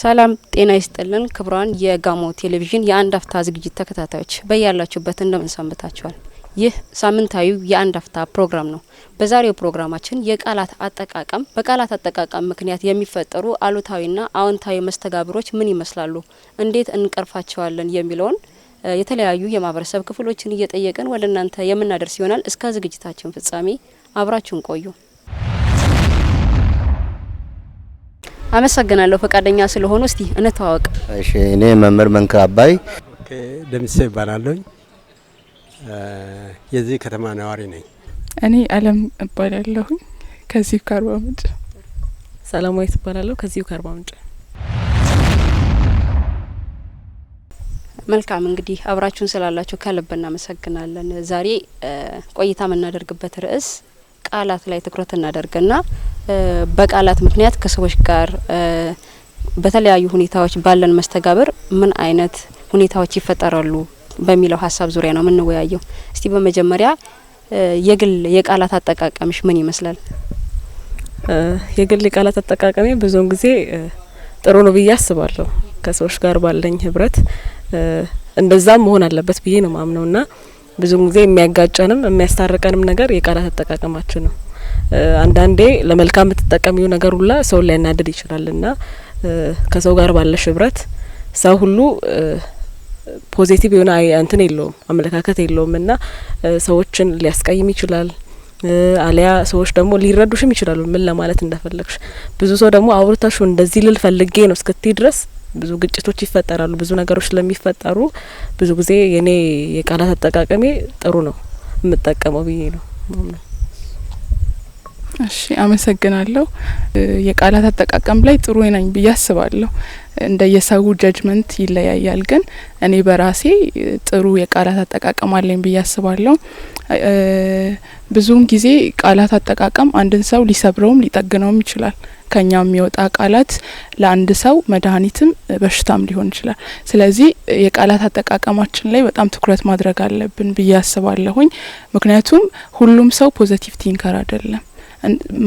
ሰላም ጤና ይስጥልን ክቡራን የጋሞ ቴሌቪዥን የአንድ አፍታ ዝግጅት ተከታታዮች በያላችሁበት እንደምን ሰንብታችኋል? ይህ ሳምንታዊ የአንድ አፍታ ፕሮግራም ነው። በዛሬው ፕሮግራማችን የቃላት አጠቃቀም፣ በቃላት አጠቃቀም ምክንያት የሚፈጠሩ አሉታዊና አዎንታዊ መስተጋብሮች ምን ይመስላሉ፣ እንዴት እንቀርፋቸዋለን የሚለውን የተለያዩ የማህበረሰብ ክፍሎችን እየጠየቅን ወደ እናንተ የምናደርስ ይሆናል። እስከ ዝግጅታችን ፍጻሜ አብራችሁን ቆዩ። አመሰግናለሁ ፈቃደኛ ስለሆኑ። እስቲ እንተዋወቅ። እሺ፣ እኔ መምህር መንክ አባይ ደምሴ እባላለሁ። የዚህ ከተማ ነዋሪ ነኝ። እኔ አለም እባላለሁ ከዚሁ ከአርባ ምንጭ። ሰላማዊት እባላለሁ ከዚሁ ከአርባ ምንጭ። መልካም እንግዲህ አብራችሁን ስላላችሁ ከልብ እናመሰግናለን። ዛሬ ቆይታ የምናደርግበት ርዕስ ቃላት ላይ ትኩረት እናደርግና በቃላት ምክንያት ከሰዎች ጋር በተለያዩ ሁኔታዎች ባለን መስተጋብር ምን አይነት ሁኔታዎች ይፈጠራሉ በሚለው ሀሳብ ዙሪያ ነው የምንወያየው። እስቲ በመጀመሪያ የግል የቃላት አጠቃቀምሽ ምን ይመስላል? የግል የቃላት አጠቃቀሜ ብዙውን ጊዜ ጥሩ ነው ብዬ አስባለሁ። ከሰዎች ጋር ባለኝ ህብረት እንደዛም መሆን አለበት ብዬ ነው ና ብዙ ጊዜ የሚያጋጨንም የሚያስታርቀንም ነገር የቃላት አጠቃቀማችን ነው። አንዳንዴ ለመልካም የምትጠቀሚው ነገር ሁላ ሰውን ሊያናድድ ይችላል እና ከሰው ጋር ባለሽ ህብረት ሰው ሁሉ ፖዚቲቭ የሆነ እንትን የለውም አመለካከት የለውም እና ሰዎችን ሊያስቀይም ይችላል። አሊያ ሰዎች ደግሞ ሊረዱሽም ይችላሉ ምን ለማለት እንደፈለግሽ። ብዙ ሰው ደግሞ አውርተሹ እንደዚህ ልል ፈልጌ ነው እስክቲ ድረስ ብዙ ግጭቶች ይፈጠራሉ። ብዙ ነገሮች ስለሚፈጠሩ ብዙ ጊዜ የኔ የቃላት አጠቃቀሜ ጥሩ ነው የምጠቀመው ብዬ ነው። እሺ፣ አመሰግናለሁ። የቃላት አጠቃቀም ላይ ጥሩ ነኝ ብዬ አስባለሁ። እንደ የሰው ጀጅመንት ይለያያል፣ ግን እኔ በራሴ ጥሩ የቃላት አጠቃቀም አለኝ ብዬ አስባለሁ። ብዙውን ጊዜ ቃላት አጠቃቀም አንድን ሰው ሊሰብረውም ሊጠግነውም ይችላል። ከኛ የሚወጣ ቃላት ለአንድ ሰው መድኃኒትም በሽታም ሊሆን ይችላል። ስለዚህ የቃላት አጠቃቀማችን ላይ በጣም ትኩረት ማድረግ አለብን ብዬ አስባለሁኝ። ምክንያቱም ሁሉም ሰው ፖዘቲቭ ቲንከር አይደለም።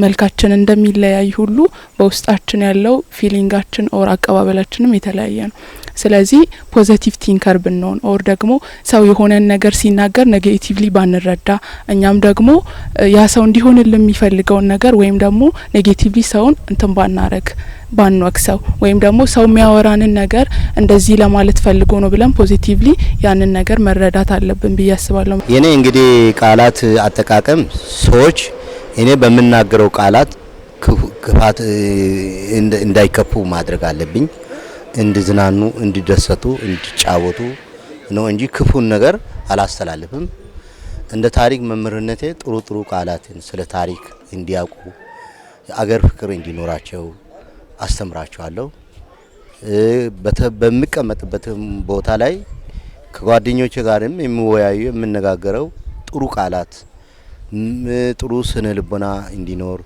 መልካችን እንደሚለያይ ሁሉ በውስጣችን ያለው ፊሊንጋችን ኦር አቀባበላችንም የተለያየ ነው። ስለዚህ ፖዘቲቭ ቲንከር ብንሆን ኦር ደግሞ ሰው የሆነን ነገር ሲናገር ኔጌቲቭሊ ባንረዳ፣ እኛም ደግሞ ያ ሰው እንዲሆንል የሚፈልገውን ነገር ወይም ደግሞ ኔጌቲቭሊ ሰውን እንትን ባናረግ ባንወቅሰው ወይም ደግሞ ሰው የሚያወራንን ነገር እንደዚህ ለማለት ፈልጎ ነው ብለን ፖዚቲቭሊ ያንን ነገር መረዳት አለብን ብዬ አስባለሁ። የኔ እንግዲህ ቃላት አጠቃቀም ሰዎች እኔ በምናገረው ቃላት ክፋት እንዳይከፉ ማድረግ አለብኝ። እንዲዝናኑ፣ እንዲደሰቱ፣ እንዲጫወቱ ነው እንጂ ክፉን ነገር አላስተላልፍም። እንደ ታሪክ መምህርነቴ ጥሩ ጥሩ ቃላትን ስለ ታሪክ እንዲያውቁ አገር ፍቅር እንዲኖራቸው አስተምራቸዋለሁ። በምቀመጥበትም ቦታ ላይ ከጓደኞቼ ጋርም የምወያዩ የምነጋገረው ጥሩ ቃላት ጥሩ ስነ ልቦና እንዲኖር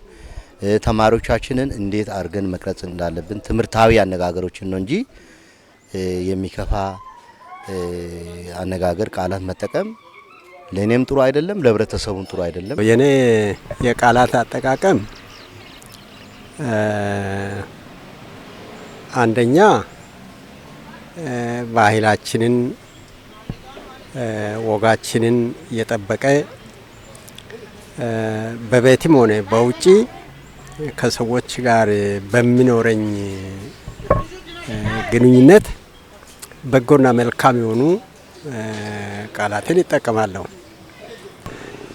ተማሪዎቻችንን እንዴት አድርገን መቅረጽ እንዳለብን ትምህርታዊ አነጋገሮችን ነው እንጂ የሚከፋ አነጋገር ቃላት መጠቀም ለእኔም ጥሩ አይደለም፣ ለህብረተሰቡም ጥሩ አይደለም። የኔ የቃላት አጠቃቀም አንደኛ ባህላችንን ወጋችንን የጠበቀ በቤትም ሆነ በውጪ ከሰዎች ጋር በሚኖረኝ ግንኙነት በጎና መልካም የሆኑ ቃላትን ይጠቀማለሁ።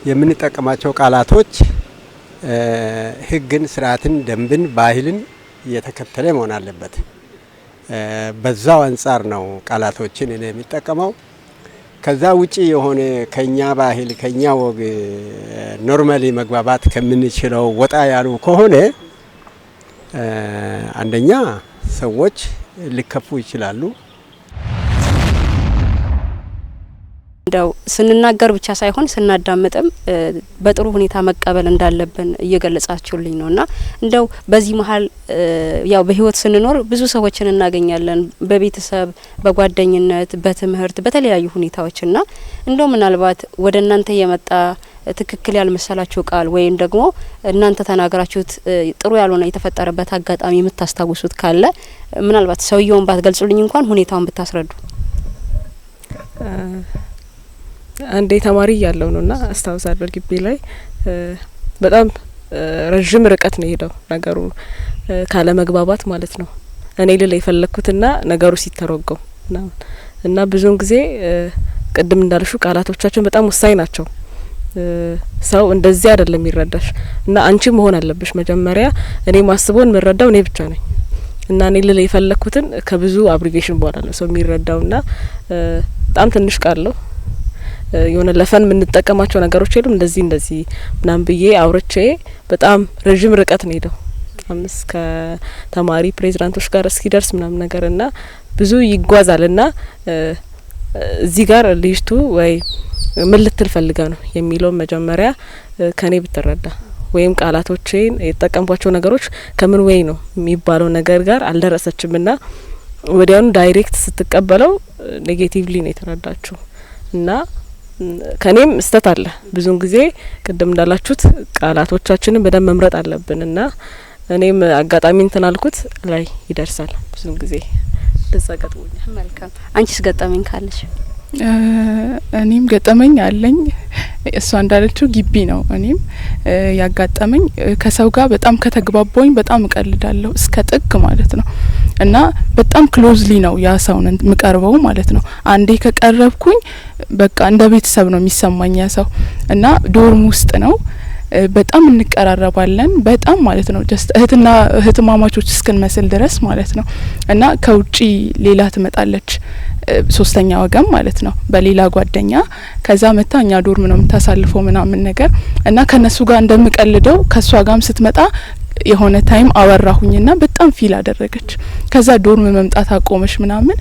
የምንጠቀማቸው ቃላቶች ሕግን፣ ስርዓትን፣ ደንብን፣ ባህልን እየተከተለ መሆን አለበት። በዛው አንጻር ነው ቃላቶችን እኔ የሚጠቀመው። ከዛ ውጪ የሆነ ከኛ ባህል ከኛ ወግ ኖርማሊ መግባባት ከምንችለው ወጣ ያሉ ከሆነ አንደኛ ሰዎች ሊከፉ ይችላሉ። እንደው ስንናገር ብቻ ሳይሆን ስናዳምጥም በጥሩ ሁኔታ መቀበል እንዳለብን እየገለጻችሁልኝ ነው እና እንደው በዚህ መሀል ያው በህይወት ስንኖር ብዙ ሰዎችን እናገኛለን፣ በቤተሰብ፣ በጓደኝነት፣ በትምህርት፣ በተለያዩ ሁኔታዎች እና እንደው ምናልባት ወደ እናንተ የመጣ ትክክል ያልመሰላችሁ ቃል ወይም ደግሞ እናንተ ተናገራችሁት ጥሩ ያልሆነ የተፈጠረበት አጋጣሚ የምታስታውሱት ካለ ምናልባት ሰውየውን ባትገልጹልኝ እንኳን ሁኔታውን ብታስረዱ አንዴ ተማሪ ያለው ነው እና አስታውሳለሁ ግቢ ላይ በጣም ረዥም ርቀት ነው የሄደው ነገሩ ካለ መግባባት ማለት ነው። እኔ ልል የፈለግኩትና ነገሩ ሲተረጎም እና ብዙውን ጊዜ ቅድም እንዳልሹ ቃላቶቻችን በጣም ወሳኝ ናቸው። ሰው እንደዚህ አይደለም ይረዳሽ እና አንቺ መሆን አለብሽ መጀመሪያ። እኔ ማስቦን የምረዳው እኔ ብቻ ነኝ እና እኔ ልል የፈለግኩትን ከብዙ አብሪቬሽን በኋላ ነው ሰው የሚረዳው ና በጣም ትንሽ ቃል ነው የሆነ ለፈን የምንጠቀማቸው ነገሮች የሉም። እንደዚህ እንደዚህ ምናምን ብዬ አውርቼ በጣም ረዥም ርቀት ነው ሄደው አምስት ከተማሪ ፕሬዚዳንቶች ጋር እስኪደርስ ምናምን ነገር እና ብዙ ይጓዛል እና እዚህ ጋር ልጅቱ ወይ ምን ልትል ነው የሚለውን መጀመሪያ ከኔ ብትረዳ ወይም ቃላቶቼን የተጠቀምኳቸው ነገሮች ከምን ወይ ነው የሚባለው ነገር ጋር አልደረሰችም ና ወዲያውኑ ዳይሬክት ስትቀበለው ኔጌቲቭሊ ነው የተረዳችው እና ከኔም እስተት አለ። ብዙን ጊዜ ቅድም እንዳላችሁት ቃላቶቻችንን በደንብ መምረጥ አለብን እና እኔም አጋጣሚ እንትን አልኩት ላይ ይደርሳል ብዙን ጊዜ ደዛ መልካም አንቺስ ገጠመኝ ካለሽ እኔም ገጠመኝ አለኝ። እሷ እንዳለችው ግቢ ነው። እኔም ያጋጠመኝ ከሰው ጋር በጣም ከተግባባኝ በጣም እቀልዳለሁ እስከ ጥግ ማለት ነው። እና በጣም ክሎዝሊ ነው ያ ሰውን የምቀርበው ማለት ነው። አንዴ ከቀረብኩኝ በቃ እንደ ቤተሰብ ነው የሚሰማኝ ያ ሰው እና ዶርም ውስጥ ነው በጣም እንቀራረባለን በጣም ማለት ነው። ጀስት እህትና እህትማማቾች እስክንመስል ድረስ ማለት ነው። እና ከውጪ ሌላ ትመጣለች ሶስተኛ ወገን ማለት ነው በሌላ ጓደኛ ከዛ መታ እኛ ዶርም ነው የምታሳልፈው ምናምን ነገር እና ከነሱ ጋር እንደምቀልደው ከእሷ ጋም ስትመጣ የሆነ ታይም አወራሁኝና በጣም ፊል አደረገች። ከዛ ዶርም መምጣት አቆመች ምናምን።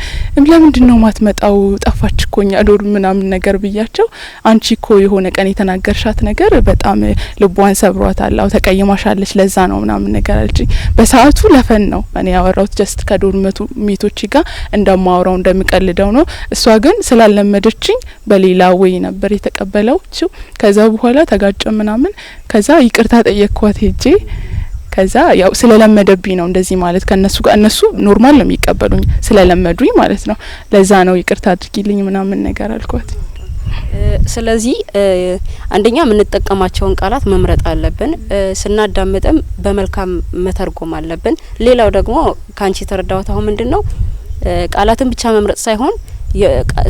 ለምንድን ነው ማትመጣው? ጠፋች እኮኛ ዶርም ምናምን ነገር ብያቸው፣ አንቺ እኮ የሆነ ቀን የተናገርሻት ነገር በጣም ልቧን ሰብሯት አላው ተቀይማሻለች፣ ለዛ ነው ምናምን ነገር አለችኝ። በሰዓቱ ለፈን ነው እኔ ያወራሁት ጀስት ከዶርም ሜቶች ጋር እንደማወራው እንደምቀልደው ነው። እሷ ግን ስላለመደችኝ በሌላ ወይ ነበር የተቀበለችው። ከዛ በኋላ ተጋጨ ምናምን። ከዛ ይቅርታ ጠየቅኳት ሄጄ ከዛ ያው ስለለመደብኝ ነው እንደዚህ ማለት ከእነሱ ጋር እነሱ ኖርማል ነው የሚቀበሉኝ ስለለመዱኝ ማለት ነው። ለዛ ነው ይቅርታ አድርጊልኝ ምናምን ነገር አልኳት። ስለዚህ አንደኛ የምንጠቀማቸውን ቃላት መምረጥ አለብን። ስናዳምጥም በመልካም መተርጎም አለብን። ሌላው ደግሞ ከአንቺ የተረዳሁት አሁን ምንድን ነው ቃላትን ብቻ መምረጥ ሳይሆን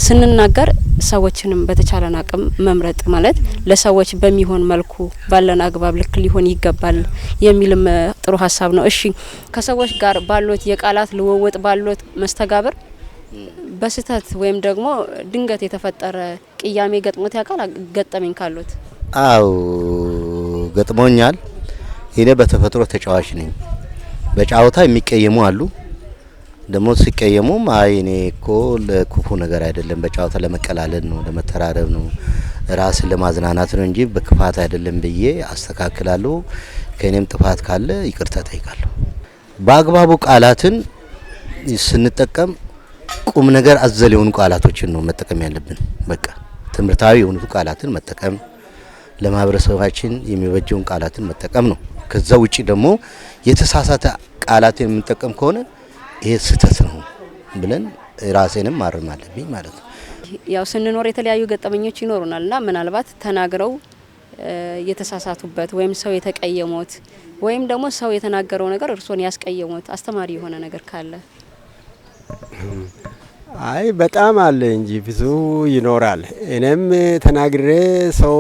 ስንናገር ሰዎችንም በተቻለን አቅም መምረጥ ማለት ለሰዎች በሚሆን መልኩ ባለን አግባብ ልክ ሊሆን ይገባል የሚልም ጥሩ ሀሳብ ነው። እሺ ከሰዎች ጋር ባሎት የቃላት ልውውጥ ባሎት መስተጋብር በስህተት ወይም ደግሞ ድንገት የተፈጠረ ቅያሜ ገጥሞት ያውቃል? ገጠመኝ ካሉት? አው ገጥሞኛል። እኔ በተፈጥሮ ተጫዋች ነኝ። በጫወታ የሚቀየሙ አሉ ደግሞ ሲቀየሙም አይ እኔ እኮ ለክፉ ነገር አይደለም፣ በጨዋታ ለመቀላለል ነው፣ ለመተራረብ ነው፣ ራስን ለማዝናናት ነው እንጂ በክፋት አይደለም ብዬ አስተካክላለሁ። ከእኔም ጥፋት ካለ ይቅርታ ጠይቃለሁ። በአግባቡ ቃላትን ስንጠቀም ቁም ነገር አዘል የሆኑ ቃላቶችን ነው መጠቀም ያለብን። በቃ ትምህርታዊ የሆኑ ቃላትን መጠቀም ለማህበረሰባችን የሚበጀውን ቃላትን መጠቀም ነው። ከዛ ውጭ ደግሞ የተሳሳተ ቃላትን የምንጠቀም ከሆነ ይሄ ስህተት ነው ብለን ራሴንም ማረም አለብኝ ማለት ነው። ያው ስንኖር የተለያዩ ገጠመኞች ይኖሩናል እና ምናልባት ተናግረው የተሳሳቱበት ወይም ሰው የተቀየሙት ወይም ደግሞ ሰው የተናገረው ነገር እርስዎን ያስቀየሙት አስተማሪ የሆነ ነገር ካለ? አይ በጣም አለ እንጂ ብዙ ይኖራል። እኔም ተናግሬ ሰው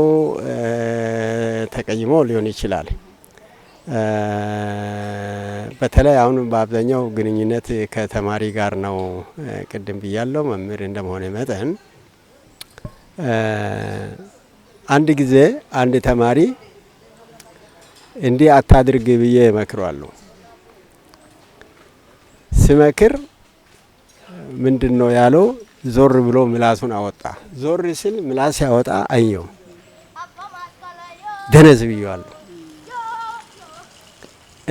ተቀይሞ ሊሆን ይችላል። በተለይ አሁን በአብዛኛው ግንኙነት ከተማሪ ጋር ነው። ቅድም ብያለው መምህር እንደመሆነ መጠን አንድ ጊዜ አንድ ተማሪ እንዲህ አታድርግ ብዬ እመክረዋለሁ። ስመክር ምንድን ነው ያለው? ዞር ብሎ ምላሱን አወጣ። ዞር ስል ምላስ ያወጣ አየው፣ ደነዝ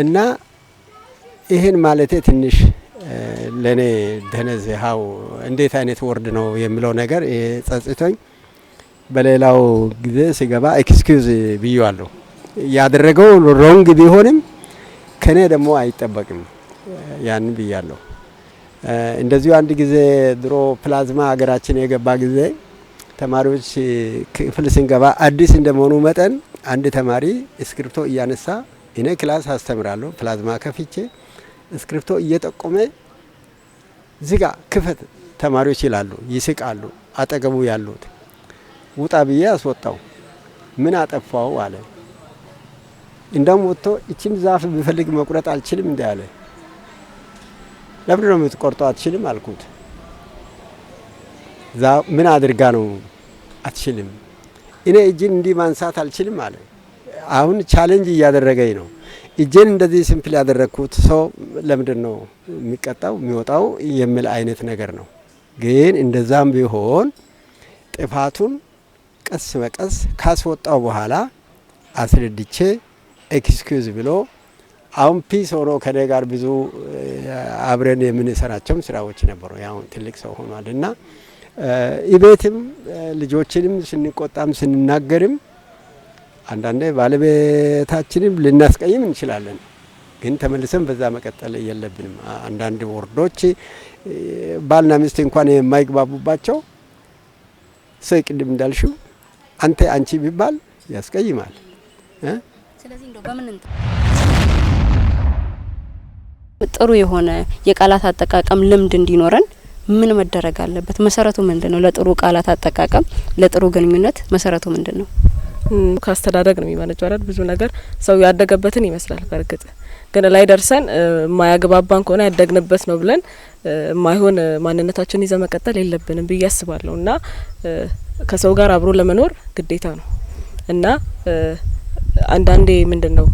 እና ይህን ማለቴ ትንሽ ለእኔ ደነዝ ሀው እንዴት አይነት ወርድ ነው የሚለው ነገር ጸጽቶኝ፣ በሌላው ጊዜ ሲገባ ኤክስኪውዝ ብዬዋለሁ። ያደረገው ሮንግ ቢሆንም ከኔ ደግሞ አይጠበቅም ያን ብያለሁ። እንደዚሁ አንድ ጊዜ ድሮ ፕላዝማ ሀገራችን የገባ ጊዜ ተማሪዎች ክፍል ስንገባ አዲስ እንደመሆኑ መጠን አንድ ተማሪ እስክሪብቶ እያነሳ እኔ ክላስ አስተምራለሁ። ፕላዝማ ከፍቼ እስክሪፕቶ እየጠቆመ ዝጋ፣ ክፈት ተማሪዎች ይላሉ፣ ይስቃሉ። አጠገቡ ያሉት ውጣ ብዬ አስወጣው። ምን አጠፋው አለ። እንደም ወጥቶ እችን ዛፍ ብፈልግ መቁረጥ አልችልም እንዲ አለ። ለምንድን ነው የምትቆርጠው? አትችልም አልኩት። ምን አድርጋ ነው አትችልም? እኔ እጅን እንዲህ ማንሳት አልችልም አለ። አሁን ቻሌንጅ እያደረገኝ ነው። እጄን እንደዚህ ሲምፕል ያደረግኩት ሰው ለምንድን ነው የሚቀጣው የሚወጣው የሚል አይነት ነገር ነው። ግን እንደዛም ቢሆን ጥፋቱን ቀስ በቀስ ካስወጣው በኋላ አስረድቼ ኤክስኪዩዝ ብሎ አሁን ፒስ ሆኖ ከኔ ጋር ብዙ አብረን የምንሰራቸውም ስራዎች ነበሩ። ያሁን ትልቅ ሰው ሆኗል እና ኢቤትም ልጆችንም ስንቆጣም ስንናገርም አንዳንዴ ባለቤታችንም ልናስቀይም እንችላለን፣ ግን ተመልሰን በዛ መቀጠል የለብንም። አንዳንድ ወርዶች ባልና ሚስት እንኳን የማይግባቡባቸው ሰው ቅድም እንዳልሽው አንተ አንቺ ቢባል ያስቀይማል። ጥሩ የሆነ የቃላት አጠቃቀም ልምድ እንዲኖረን ምን መደረግ አለበት? መሰረቱ ምንድን ነው? ለጥሩ ቃላት አጠቃቀም ለጥሩ ግንኙነት መሰረቱ ምንድን ነው? ከአስተዳደግ ነው የሚመነጭ አይደል? ብዙ ነገር ሰው ያደገበትን ይመስላል። በእርግጥ ግን ላይ ደርሰን ማያግባባን ከሆነ ያደግንበት ነው ብለን የማይሆን ማንነታችን ይዘ መቀጠል የለብንም ብዬ አስባለሁ እና ከሰው ጋር አብሮ ለመኖር ግዴታ ነው እና አንዳንዴ ምንድን ነው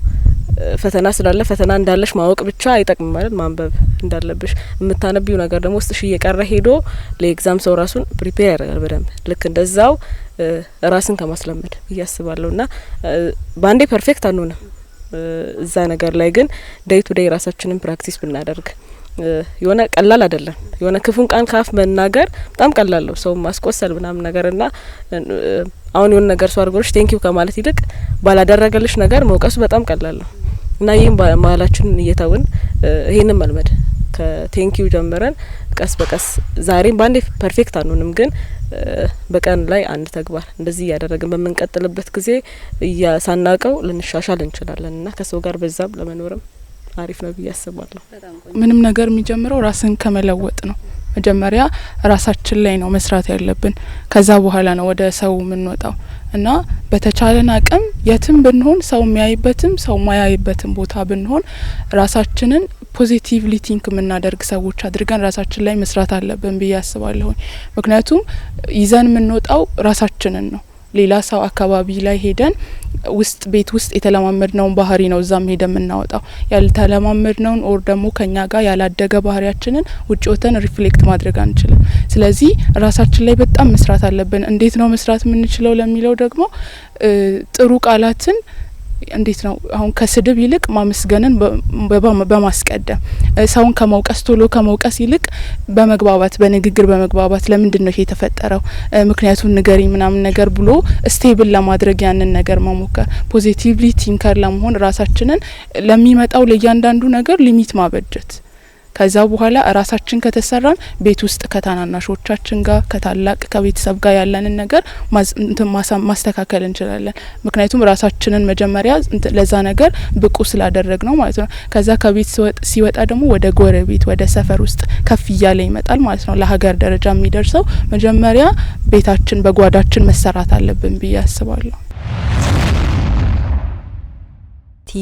ፈተና ስላለ ፈተና እንዳለሽ ማወቅ ብቻ አይጠቅም ማለት ማንበብ እንዳለብሽ የምታነቢው ነገር ደግሞ ውስጥሽ እየቀረ ሄዶ ለኤግዛም ሰው ራሱን ፕሪፔር ያደርጋል በደንብ ልክ እንደዛው ራስን ከማስለመድ ብዬ አስባለሁ እና በአንዴ ፐርፌክት አንሆንም እዛ ነገር ላይ ግን ደይ ቱ ደይ ራሳችንን ፕራክቲስ ብናደርግ የሆነ ቀላል አይደለም። የሆነ ክፉን ቃል ካፍ መናገር በጣም ቀላል ነው፣ ሰው ማስቆሰል ምናምን ነገር እና አሁን የሆነ ነገር ሰው አድርጎልሽ ቴንኪው ከማለት ይልቅ ባላደረገልሽ ነገር መውቀሱ በጣም ቀላል ነው። እና ይህም መሀላችን እየተውን ይሄንን መልመድ ከቴንኪው ጀምረን ቀስ በቀስ ዛሬም በአንዴ ፐርፌክት አንሆንም፣ ግን በቀን ላይ አንድ ተግባር እንደዚህ እያደረግን በምንቀጥልበት ጊዜ እያሳናቀው ልንሻሻል እንችላለን እና ከሰው ጋር በዛም ለመኖርም አሪፍ ነው ብዬ አስባለሁ። ምንም ነገር የሚጀምረው ራስን ከመለወጥ ነው። መጀመሪያ ራሳችን ላይ ነው መስራት ያለብን። ከዛ በኋላ ነው ወደ ሰው የምንወጣው። እና በተቻለን አቅም የትም ብንሆን ሰው የሚያይበትም ሰው ማያይበትም ቦታ ብንሆን ራሳችንን ፖዚቲቭሊ ቲንክ የምናደርግ ሰዎች አድርገን ራሳችን ላይ መስራት አለብን ብዬ አስባለሁኝ። ምክንያቱም ይዘን የምንወጣው ራሳችንን ነው። ሌላ ሰው አካባቢ ላይ ሄደን ውስጥ ቤት ውስጥ የተለማመድነውን ባህሪ ነው እዛም ሄደ የምናወጣው። ያልተለማመድነውን ኦር ደግሞ ከኛ ጋር ያላደገ ባህሪያችንን ውጭ ወተን ሪፍሌክት ማድረግ አንችልም። ስለዚህ ራሳችን ላይ በጣም መስራት አለብን። እንዴት ነው መስራት የምንችለው ለሚለው ደግሞ ጥሩ ቃላትን እንዴት ነው አሁን ከስድብ ይልቅ ማመስገንን በማስቀደም ሰውን ከመውቀስ ቶሎ ከመውቀስ ይልቅ በመግባባት በንግግር በመግባባት ለምንድን ነው የተፈጠረው ምክንያቱን ንገሪ ምናምን ነገር ብሎ ስቴብል ለማድረግ ያንን ነገር መሞከር ፖዚቲቭሊ ቲንከር ለመሆን ራሳችንን ለሚመጣው ለእያንዳንዱ ነገር ሊሚት ማበጀት ከዛ በኋላ ራሳችን ከተሰራን ቤት ውስጥ ከታናናሾቻችን ጋር ከታላቅ ከቤተሰብ ጋር ያለንን ነገር ማስተካከል እንችላለን። ምክንያቱም ራሳችንን መጀመሪያ ለዛ ነገር ብቁ ስላደረግ ነው ማለት ነው። ከዛ ከቤት ሲወጣ ደግሞ ወደ ጎረቤት ወደ ሰፈር ውስጥ ከፍ እያለ ይመጣል ማለት ነው። ለሀገር ደረጃ የሚደርሰው መጀመሪያ ቤታችን በጓዳችን መሰራት አለብን ብዬ አስባለሁ።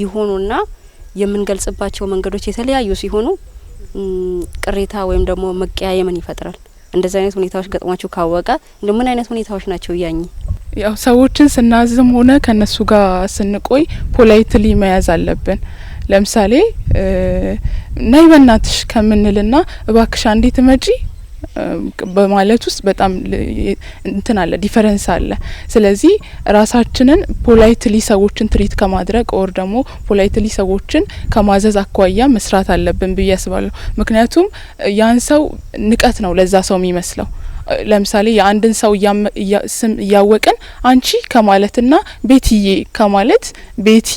ይሆኑና የምንገልጽባቸው መንገዶች የተለያዩ ሲሆኑ ቅሬታ ወይም ደግሞ መቀያየምን ይፈጥራል። እንደዚህ አይነት ሁኔታዎች ገጥሟችሁ ካወቀ እንደ ምን አይነት ሁኔታዎች ናቸው እያኝ ያው ሰዎችን ስናዝም ሆነ ከነሱ ጋር ስንቆይ ፖላይትሊ መያዝ አለብን። ለምሳሌ ነይ በናትሽ ከምንልና እባክሽ አንዴ ትመጪ በማለት ውስጥ በጣም እንትን አለ ዲፈረንስ አለ። ስለዚህ ራሳችንን ፖላይትሊ ሰዎችን ትሪት ከማድረግ ኦር ደግሞ ፖላይትሊ ሰዎችን ከማዘዝ አኳያ መስራት አለብን ብዬ አስባለሁ። ምክንያቱም ያን ሰው ንቀት ነው ለዛ ሰው የሚመስለው ለምሳሌ የአንድን ሰው ስም እያወቅን አንቺ ከማለትና ቤትዬ ከማለት ቤቲ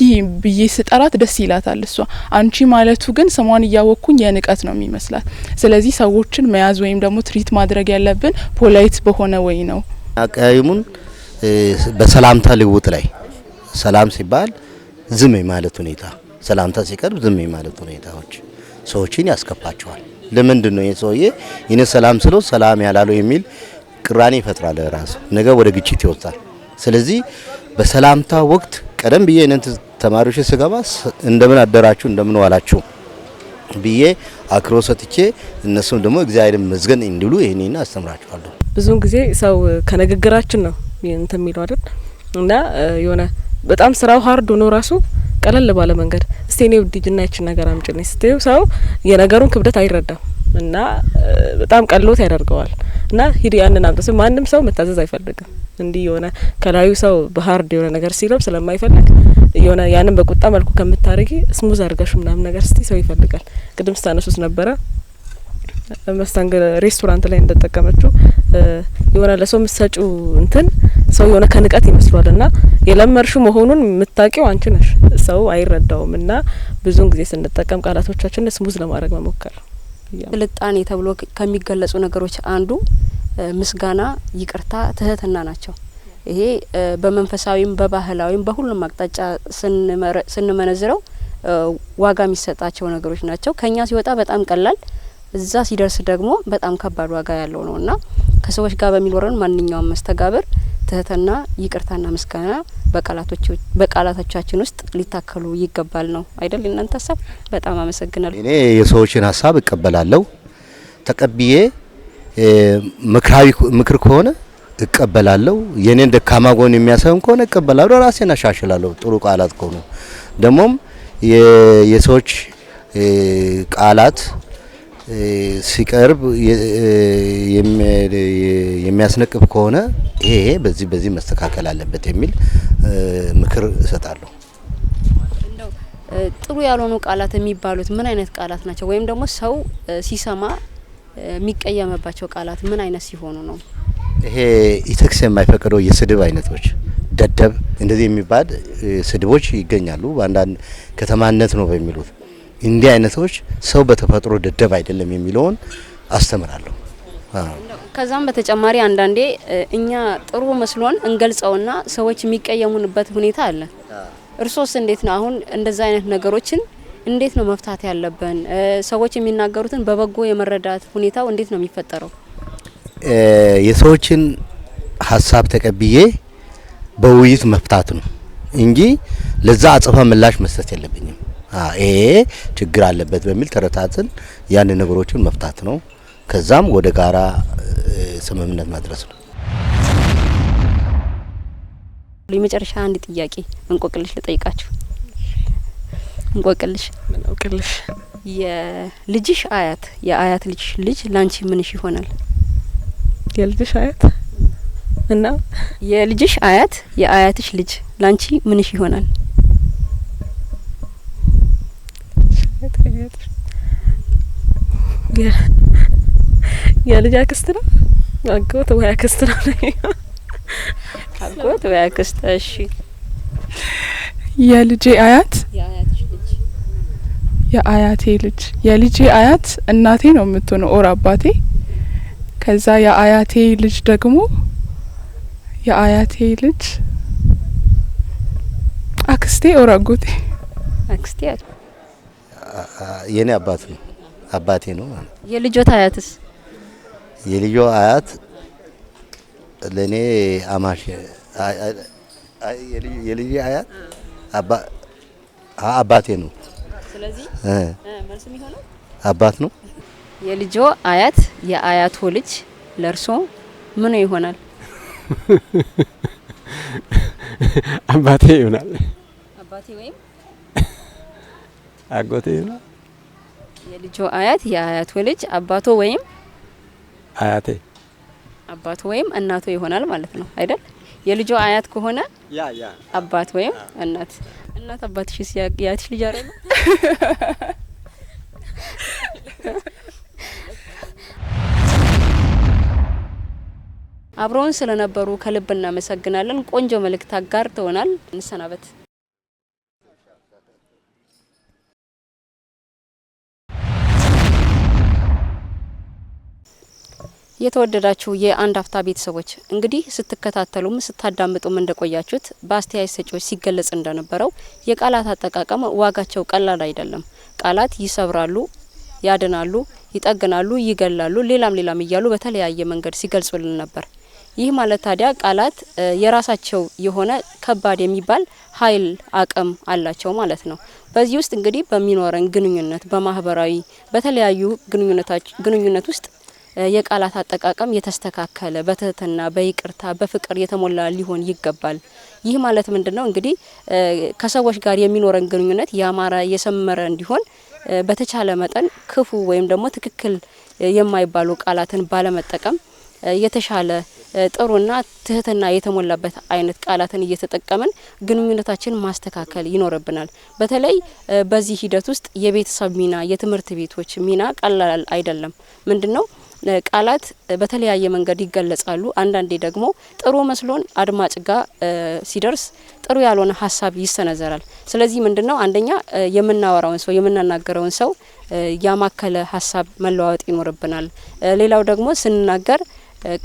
ብዬ ስጠራት ደስ ይላታል እሷ። አንቺ ማለቱ ግን ስሟን እያወቅኩኝ የንቀት ነው የሚመስላት። ስለዚህ ሰዎችን መያዝ ወይም ደግሞ ትሪት ማድረግ ያለብን ፖላይት በሆነ ወይ ነው አቀያይሙን በሰላምታ ልውውጥ ላይ ሰላም ሲባል ዝም ማለት ሁኔታ፣ ሰላምታ ሲቀርብ ዝም ማለት ሁኔታዎች ሰዎችን ያስከፋቸዋል። ለምንድን ነው የሰውዬ እኔ ሰላም ስለው ሰላም ያላለው የሚል ቅራኔ ይፈጥራል። ራሱ ነገ ወደ ግጭት ይወጣል። ስለዚህ በሰላምታ ወቅት ቀደም ብዬ እነን ተማሪዎች ስገባ እንደምን አደራችሁ እንደምን ዋላችሁ ብዬ አክሮ ሰጥቼ እነሱም ደግሞ እግዚአብሔር መዝገን እንዲሉ ይህኔና አስተምራችኋለሁ። ብዙውን ጊዜ ሰው ከንግግራችን ነው እንትን የሚለው አይደል እና የሆነ በጣም ስራው ሀርድ ሆኖ ራሱ ቀለል ባለ መንገድ እስቲ እኔ ውድጅና ያችን ነገር አምጭኝ ስትዩ ሰው የነገሩን ክብደት አይረዳም እና በጣም ቀሎት ያደርገዋል እና ሂድ ያንን አምጥስ ማንም ሰው መታዘዝ አይፈልግም እንዲህ የሆነ ከላዩ ሰው በሀርድ የሆነ ነገር ሲለው ስለማይፈልግ የሆነ ያንን በቁጣ መልኩ ከምታደርጊ ስሙዝ አድርገሽ ምናምን ነገር ስቲ ሰው ይፈልጋል ቅድም ስታነሱስ ነበረ መስተንግዶ ሬስቶራንት ላይ እንደጠቀመችው የሆነ ለሰው የምትሰጪው እንትን ሰው የሆነ ከንቀት ይመስሏል እና የለመርሹ መሆኑን የምታውቂው አንቺ ነሽ። ሰው አይረዳውም እና ብዙውን ጊዜ ስንጠቀም ቃላቶቻችን ስሙዝ ለማድረግ መሞከር። ስልጣኔ ተብሎ ከሚገለጹ ነገሮች አንዱ ምስጋና፣ ይቅርታ፣ ትህትና ናቸው። ይሄ በመንፈሳዊም በባህላዊም በሁሉም አቅጣጫ ስንመነዝረው ዋጋ የሚሰጣቸው ነገሮች ናቸው። ከኛ ሲወጣ በጣም ቀላል እዛ ሲደርስ ደግሞ በጣም ከባድ ዋጋ ያለው ነው እና ከሰዎች ጋር በሚኖረን ማንኛውም መስተጋብር ትህትና፣ ይቅርታና ምስጋና በቃላቶቻችን ውስጥ ሊታከሉ ይገባል ነው አይደል? እናንተ ሀሳብ። በጣም አመሰግናለሁ። እኔ የሰዎችን ሀሳብ እቀበላለሁ። ተቀብዬ ምክራዊ ምክር ከሆነ እቀበላለሁ። የኔን ደካማ ጎን የሚያሳዩን ከሆነ እቀበላለሁ። ራሴን አሻሽላለሁ። ጥሩ ቃላት ከሆኑ ደግሞም የሰዎች ቃላት ሲቀርብ የሚያስነቅፍ ከሆነ ይሄ በዚህ በዚህ መስተካከል አለበት የሚል ምክር እሰጣለሁ። እንደው ጥሩ ያልሆኑ ቃላት የሚባሉት ምን አይነት ቃላት ናቸው? ወይም ደግሞ ሰው ሲሰማ የሚቀየመባቸው ቃላት ምን አይነት ሲሆኑ ነው? ይሄ ኢቴክስ የማይፈቅደው የስድብ አይነቶች ደደብ፣ እንደዚህ የሚባል ስድቦች ይገኛሉ። በአንዳንድ ከተማነት ነው በሚሉት እንዲህ አይነቶች ሰው በተፈጥሮ ደደብ አይደለም የሚለውን አስተምራለሁ። ከዛም በተጨማሪ አንዳንዴ እኛ ጥሩ መስሎን እንገልጸውና ሰዎች የሚቀየሙንበት ሁኔታ አለ። እርሶስ እንዴት ነው? አሁን እንደዛ አይነት ነገሮችን እንዴት ነው መፍታት ያለብን? ሰዎች የሚናገሩትን በበጎ የመረዳት ሁኔታው እንዴት ነው የሚፈጠረው? የሰዎችን ሀሳብ ተቀብዬ በውይይት መፍታት ነው እንጂ ለዛ አጽፋ ምላሽ መስጠት የለብኝም። ይሄ ችግር አለበት በሚል ተረታትን ያን ነገሮችን መፍታት ነው። ከዛም ወደ ጋራ ስምምነት መድረስ ነው። የመጨረሻ አንድ ጥያቄ እንቆቅልሽ ልጠይቃችሁ። እንቆቅልሽ እንቆቅልሽ የልጅሽ አያት የአያት ልጅሽ ልጅ ላንቺ ምንሽ ይሆናል? የልጅሽ አያት እና የልጅሽ አያት የአያትሽ ልጅ ላንቺ ምንሽ ይሆናል? የልጅ አክስት ነው አጎት ወይ አክስት ነው አጎት ወይ አክስት። እሺ የልጄ አያት የአያቴ ልጅ የልጄ አያት እናቴ ነው የምትሆነው ኦር አባቴ። ከዛ የአያቴ ልጅ ደግሞ የአያቴ ልጅ አክስቴ ኦር አጎቴ አክስቴ የኔ አባት ነው አባቴ ነው ማለት ነው። የልጆት አያትስ? የልጆ አያት ለእኔ አማሽ የልጅ አያት አባቴ ነው። ስለዚህ መልስ የሚሆነው አባት ነው። የልጆ አያት የአያቶ ልጅ ለእርሶ ምኑ ይሆናል? አባቴ ይሆናል። አባቴ ወይም አጎቴ ነው። የልጆ አያት የአያቶ ልጅ አባቶ ወይም አያቴ አባቶ ወይም እናቶ ይሆናል ማለት ነው አይደል? የልጆ አያት ከሆነ ያ ያ አባት ወይም እናት እናት አባትሽስ የአያትሽ ልጅ አይደል? አብረውን ስለነበሩ ከልብ እናመሰግናለን። ቆንጆ መልእክት አጋርተውናል። እንሰናበት። የተወደዳችሁ የአንድ አፍታ ቤተሰቦች እንግዲህ ስትከታተሉም ስታዳምጡም እንደቆያችሁት በአስተያየት ሰጪዎች ሲገለጽ እንደነበረው የቃላት አጠቃቀም ዋጋቸው ቀላል አይደለም። ቃላት ይሰብራሉ፣ ያድናሉ፣ ይጠግናሉ፣ ይገላሉ፣ ሌላም ሌላም እያሉ በተለያየ መንገድ ሲገልጹልን ነበር። ይህ ማለት ታዲያ ቃላት የራሳቸው የሆነ ከባድ የሚባል ኃይል አቅም አላቸው ማለት ነው። በዚህ ውስጥ እንግዲህ በሚኖረን ግንኙነት በማህበራዊ በተለያዩ ግንኙነቶች ግንኙነት ውስጥ የቃላት አጠቃቀም የተስተካከለ በትህትና በይቅርታ በፍቅር የተሞላ ሊሆን ይገባል። ይህ ማለት ምንድን ነው እንግዲህ ከሰዎች ጋር የሚኖረን ግንኙነት ያማረ የሰመረ እንዲሆን በተቻለ መጠን ክፉ ወይም ደግሞ ትክክል የማይባሉ ቃላትን ባለመጠቀም የተሻለ ጥሩና ትህትና የተሞላበት አይነት ቃላትን እየተጠቀምን ግንኙነታችን ማስተካከል ይኖርብናል። በተለይ በዚህ ሂደት ውስጥ የቤተሰብ ሚና፣ የትምህርት ቤቶች ሚና ቀላል አይደለም። ምንድን ነው ቃላት በተለያየ መንገድ ይገለጻሉ። አንዳንዴ ደግሞ ጥሩ መስሎን አድማጭ ጋር ሲደርስ ጥሩ ያልሆነ ሀሳብ ይሰነዘራል። ስለዚህ ምንድነው አንደኛ የምናወራውን ሰው የምናናገረውን ሰው ያማከለ ሀሳብ መለዋወጥ ይኖርብናል። ሌላው ደግሞ ስንናገር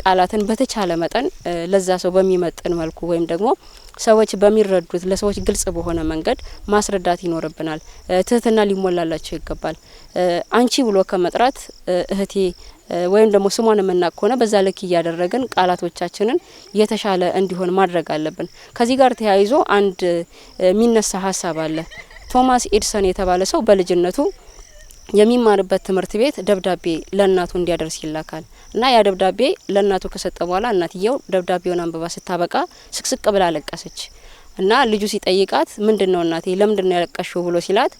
ቃላትን በተቻለ መጠን ለዛ ሰው በሚመጥን መልኩ ወይም ደግሞ ሰዎች በሚረዱት ለሰዎች ግልጽ በሆነ መንገድ ማስረዳት ይኖርብናል። ትህትና ሊሞላላቸው ይገባል። አንቺ ብሎ ከመጥራት እህቴ ወይም ደግሞ ስሟን የምናቅ ከሆነ በዛ ልክ እያደረግን ቃላቶቻችንን የተሻለ እንዲሆን ማድረግ አለብን። ከዚህ ጋር ተያይዞ አንድ የሚነሳ ሀሳብ አለ። ቶማስ ኤድሰን የተባለ ሰው በልጅነቱ የሚማርበት ትምህርት ቤት ደብዳቤ ለእናቱ እንዲያደርስ ይላካል እና ያ ደብዳቤ ለእናቱ ከሰጠ በኋላ እናትየው ደብዳቤውን አንብባ ስታበቃ ስቅስቅ ብላ አለቀሰች እና ልጁ ሲጠይቃት ምንድን ነው እናቴ ለምንድን ነው ያለቀሽው ብሎ ሲላት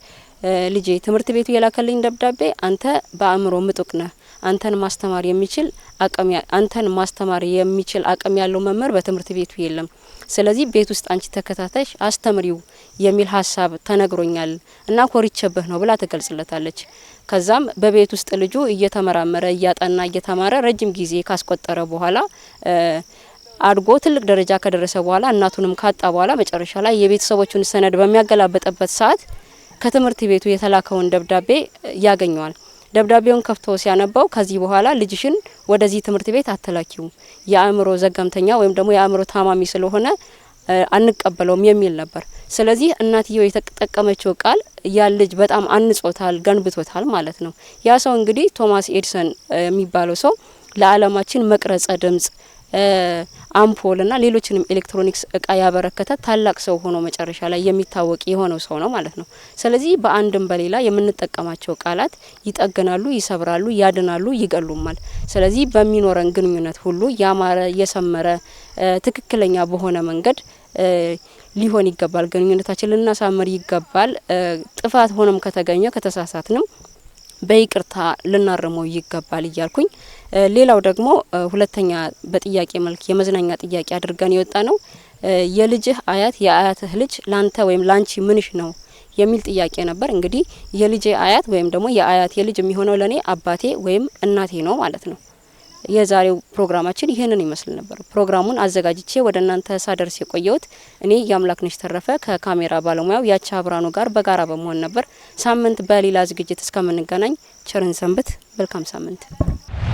ልጄ ትምህርት ቤቱ የላከልኝ ደብዳቤ አንተ በአእምሮ ምጡቅ ነህ አንተን ማስተማር የሚችል አቅም አንተን ማስተማር የሚችል አቅም ያለው መምህር በትምህርት ቤቱ የለም ስለዚህ ቤት ውስጥ አንቺ ተከታተሽ አስተምሪው የሚል ሀሳብ ተነግሮኛል እና ኮሪቸብህ ነው ብላ ትገልጽለታለች። ከዛም በቤት ውስጥ ልጁ እየተመራመረ እያጠና እየተማረ ረጅም ጊዜ ካስቆጠረ በኋላ አድጎ ትልቅ ደረጃ ከደረሰ በኋላ እናቱንም ካጣ በኋላ መጨረሻ ላይ የቤተሰቦቹን ሰነድ በሚያገላበጠበት ሰዓት ከትምህርት ቤቱ የተላከውን ደብዳቤ ያገኘዋል። ደብዳቤውን ከፍቶ ሲያነባው ከዚህ በኋላ ልጅሽን ወደዚህ ትምህርት ቤት አትላኪው የአእምሮ ዘገምተኛ ወይም ደግሞ የአእምሮ ታማሚ ስለሆነ አንቀበለውም የሚል ነበር። ስለዚህ እናትየው የተጠቀመችው ቃል ያን ልጅ በጣም አንጾታል፣ ገንብቶታል ማለት ነው። ያ ሰው እንግዲህ ቶማስ ኤዲሰን የሚባለው ሰው ለዓለማችን መቅረጸ ድምጽ አምፖልና ሌሎችንም ኤሌክትሮኒክስ እቃ ያበረከተ ታላቅ ሰው ሆኖ መጨረሻ ላይ የሚታወቅ የሆነው ሰው ነው ማለት ነው። ስለዚህ በአንድም በሌላ የምንጠቀማቸው ቃላት ይጠግናሉ፣ ይሰብራሉ፣ ያድናሉ፣ ይገሉማል። ስለዚህ በሚኖረን ግንኙነት ሁሉ ያማረ የሰመረ ትክክለኛ በሆነ መንገድ ሊሆን ይገባል። ግንኙነታችን ልናሳምር ይገባል። ጥፋት ሆኖም ከተገኘ ከተሳሳትንም በይቅርታ ልናርመው ይገባል እያልኩኝ ሌላው ደግሞ ሁለተኛ በጥያቄ መልክ የመዝናኛ ጥያቄ አድርገን የወጣ ነው። የልጅህ አያት የአያትህ ልጅ ላንተ ወይም ላንቺ ምንሽ ነው የሚል ጥያቄ ነበር። እንግዲህ የልጄ አያት ወይም ደግሞ የአያቴ ልጅ የሚሆነው ለእኔ አባቴ ወይም እናቴ ነው ማለት ነው። የዛሬው ፕሮግራማችን ይህንን ይመስል ነበር። ፕሮግራሙን አዘጋጅቼ ወደ እናንተ ሳደርስ የቆየሁት እኔ ነሽ ተረፈ ከካሜራ ባለሙያው ያቻ ብራኑ ጋር በጋራ በመሆን ነበር። ሳምንት በሌላ ዝግጅት እስከምንገናኝ ቸርን ሰንብት። መልካም ሳምንት